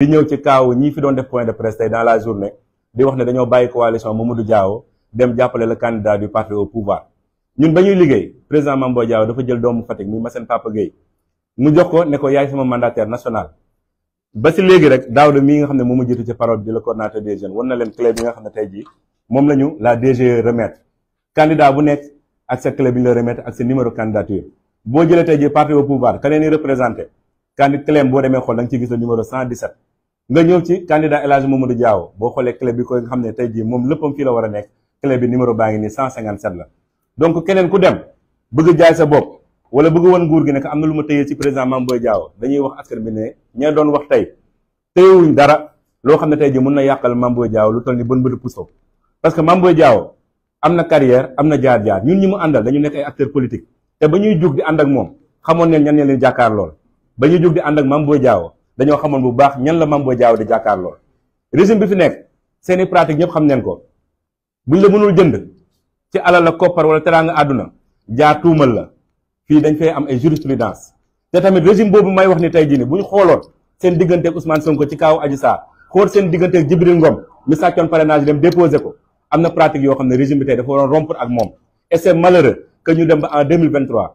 di ñëw ci kaaw ñi fi doon def point de presse tey dans la journée di wax ne dañoo bàyyi coalition Mamadou Diaw dem jàppale le candidat du parti au pouvoir ñun ba ñuy liggéey président Mambo Diaw dafa jël doomu Fatick muy Massène seen Gueye mu jox ko ne ko yaay sama mandataire national ba si léegi rek Daouda mii nga xam ne moom mu jiitu ci parole bi le coordonnateur des jeunes wan na leen clé bi nga xam ne tey jii moom la la DGE remettre candidat bu nekk ak sa clé bi ñu la boo jëlee tey jii parti au pouvoir ka leen di représenté kandi clé boo demee xool nga ñëw ci candidat El Hadj Mamadou jaawo boo xoolee clé bi ko xam ne tey jii moom léppam fii la war a nekk clé bi numéro baa ngi nii 157 la donc keneen ku dem bëgg jaay sa bopp wala bëgg woon nguur gi ne am na lu ma tëyee ci président Mame Boye Diaw dañuy wax askan bi ne ña doon wax tey tëyewuñ dara loo xam ne tey jii mën na yàqal Mame Boye Diaw lu toll ni bën bëdu puso parce que Mame Boye Diaw am na carrière am na jaar-jaar ñun ñi mu àndal dañu nekk ay acteur politique te ba ñuy jug di ànd ak moom xamoon neen ñan ne leen jàkkaar lool ba ñuy jug di ànd ak Mame Boye Diaw dañoo xamoon bu baax ñan la Mame Boye Diao di jàkkaarloo régime bi fi nekk seeni pratique ñëpp xam neen ko buñ la mënul jënd ci alal la koppar wala teraanga àdduna jaar tuumal la fii dañ fay am ay jurisprudence te tamit régime boobu may wax ni tey jii ni bu ñu xooloon seen digganteeg Ousmane Sonko ci kaaw Adji Sarr xool seen digganteeg Djibril Ngom mi sàccoon parrainage dem déposé ko am na pratique yoo xam ne régime bi tey dafa waroon rompre ak mo et c'est malheureux dem ba en 2023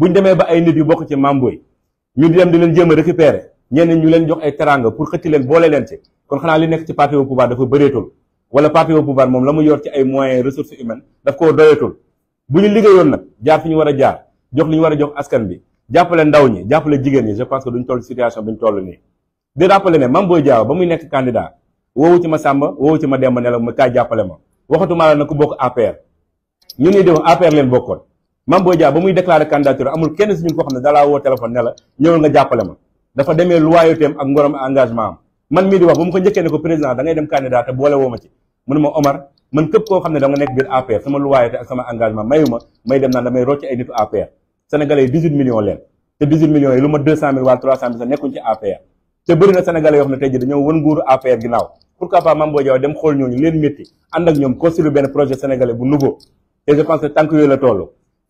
buñ demee ba ay nit yu bokk ci mamboy ñu di dem di leen jéem a récupérer ñenn ñu leen jox ay teranga pour xëcc leen boole leen ci kon xanaa li nekk ci parti au pouvoir dafa bëreetul wala parti au pouvoir moom la mu yor ci ay moyens ressources humaines daf koo doyeetul bu ñu liggéeyoon nag jaar fi ñu war a jaar jox li ñu war a jox askan bi jàppale ndaw ñi jàppale jigéen ñi je pense que duñ toll situation bi ñu toll nii di rappelé ne Mame Boye muy nekk candidat woowu ci ma Samba woowu ci ma ne ma kaay jàppale ma waxatuma la na ku bokk APR ñun ñi di wax APR leen bokkoon Mame Boye Diao ba muy déclaré candidature amul kenn si ñun koo xam ne dalaa woo téléphone ne la ñëwal nga jàppale ma dafa demee loyauté am ak ngorom engagement am man mii di wax ba mu ko njëkkee ne ko président da ngay dem candidat te boole woo ma ci mu Omar man képp koo xam ne da nga nekk biir APR sama loyauté ak sama engagement mayu may dem naan damay rocc ay nitu APR sénégalais yi 18 millions leen te 18 millions yi lu ma 200 mille na sénégalais yoo xam ne tey ji dañoo wën nguuru APR ginnaaw pourquoi pas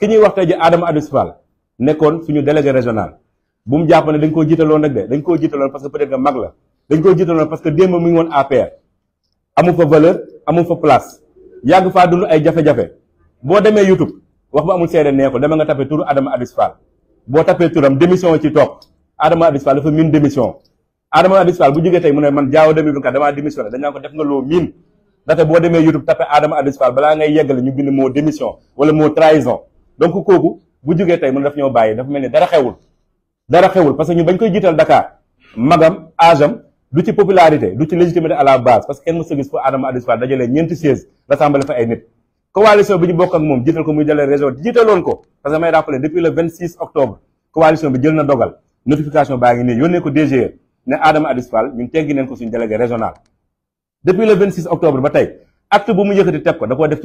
ki ñuy wax tey ji Adama Adus Fall nekkoon suñu délégué régional bu mu jàpp ne dañ koo jiitaloon rek dañ koo jiitaloon parce que peut-être que mag la dañ koo jiitaloon parce que démb mu ngi woon APR fa valeur amu fa place yàgg faa dund ay jafe-jafe boo demee YouTube wax ba amul seede neexul dama nga tapé turu Adama Adus Fall boo tapé turam démission ci topp Adama Adus Fall dafa miin démission Adama Adus Fall bu jógee tey mu ne man jaaw 2024 nga loo miin ndaxte boo demee YouTube tapé Adama Adus donc kooku bu jógee tey mën daf ñoo bàyyi dafa mel ni dara xewul dara xewul parce que ñu bañ koy jiital Dakar magam agam du ci popularité du ci légitimité à la base parce que kenn mësa gis fu Adama Adis Fall dajalee ñeenti siège rassemblé fa ay nit coalition bi ñu bokk moom jiital ko muy dalee région jiitaloon ko parce que may rappelé depuis le 26 octobre coalition bi jël na dogal notification baa ngi nii yónnee ko DGE ne Adama Adis Fall ñun teggi neen ko suñu délégué régional ko da koo def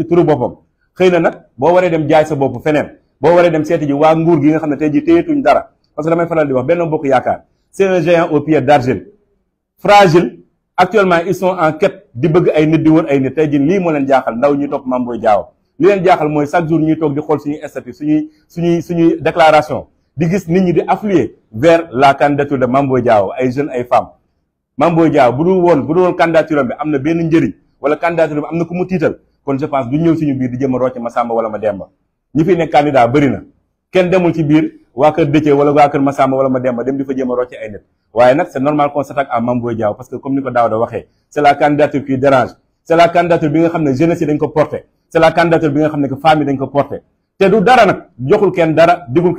xëy na nag boo waree dem jaay sa bopp feneen boo waree dem seeti ji waa nguur gi nga xam ne tey ji téyetuñ dara parce que damay faral di wax benn bokk yaakaar c'est un géant aux pieds d'argile fragile actuellement ils sont en quête di bëgg ay nit di wër ay nit tey ji lii moo leen jaaxal ndaw ñuy topp Mame Boye Diao li leen jaaxal mooy chaque jour ñuy toog di xool suñuy statut suñuy suñuy suñuy déclaration di gis nit ñi di affluer vers la candidature de Mame Boye Diao ay jeunes ay femmes Mame Boye Diao bu dul woon bu dul woon candidature bi am na benn njëriñ wala candidature am na ku mu tiital kon je pense du ñëw suñu biir di jëm a rocc ma sàmba wala ma demba ñi fi nekk candidat bëri na kenn demul ci biir waa kër Dëcce wala waa kër Massamba wala ma demba dem di fa jëm a rocc ay nit waaye nag c'est normal qu'on s'attaque à Mame parce que comme ni ko Daouda waxee c'est la candidature qui dérange c'est la candidature bi nga xam ne jeunesse yi dañ ko porté c'est la bi nga xam ne que dañ ko porté te du dara nag joxul kenn dara digul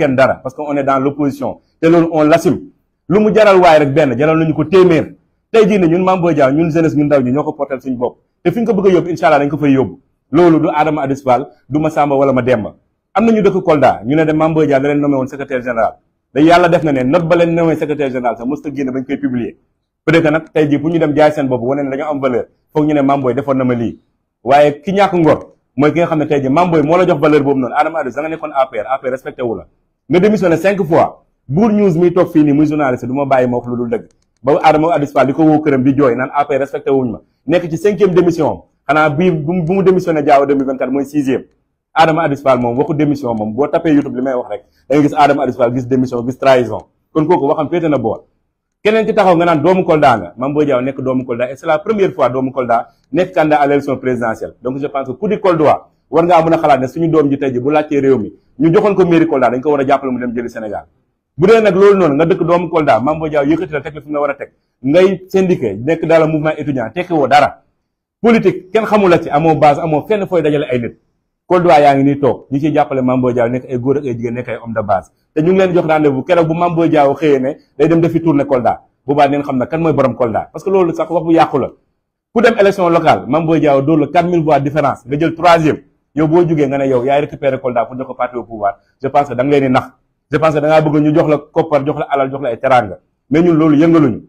bopp te fi nga ko bëgg a yóbbu incha allah dañ ko fay yóbbu loolu du Adama Adis Fall du ma Samba wala ma Demba am na ñu dëkk Kolda ñu ne de Mame Boye Diao da leen nommé woon général da yàlla def na ne note ba leen nommé secrétaire général sax mosut a génn bañ koy publier peut-être que nag tey jii pour ñu dem jaay seen bopp wane ne dañoo am valeur foog ñu ne Mame defoon na ma lii waaye ki ñàkk ngor mooy ki nga xam ne tey jii Mame moo la jox valeur ba Adama Abbas Fall di ko woo këram di jooy naan APR respecté wuñ ma nekk ci cinquième démission am xanaa bii bu mu démissionné Diao 2024 mooy sixième Adama Abbas moom waxu démission moom boo tapee YouTube li may wax rek da gis Adama Abbas gis démission gis trahison kon kooku waxam féete na boor keneen ci taxaw nga naan doomu Kolda nga Mame Boye nekk doomu Kolda et c'est la première fois doomu Kolda nekk candidat à a xalaat ne suñu doom ji tey ji bu laajtee réew a jàppale mu dem jëli Sénégal bu dee nag loolu noonu nga dëkk doomu Kolda Mame Boye Diao yëkkati la teg la fi mu la war a teg ngay syndiqué nekk dans le mouvement étudiant tekki woo dara politique kenn xamul ci amoo base amoo fenn fooy dajale ay nit Kolda yaa ngi nii toog ñi ciy jàppale Mame Boye nekk ay góor ak ay nekk ay homme de base te ñu ngi leen jox rendez-vous keroog bu Mame Boye xëyee ne day dem defi tournée Kolda boobaa neen xam na kan mooy borom Kolda parce que je pense que da ngaa bëgg ñu jox la koppar jox la alal jox la ay teraanga mais ñun loolu yëngaluñu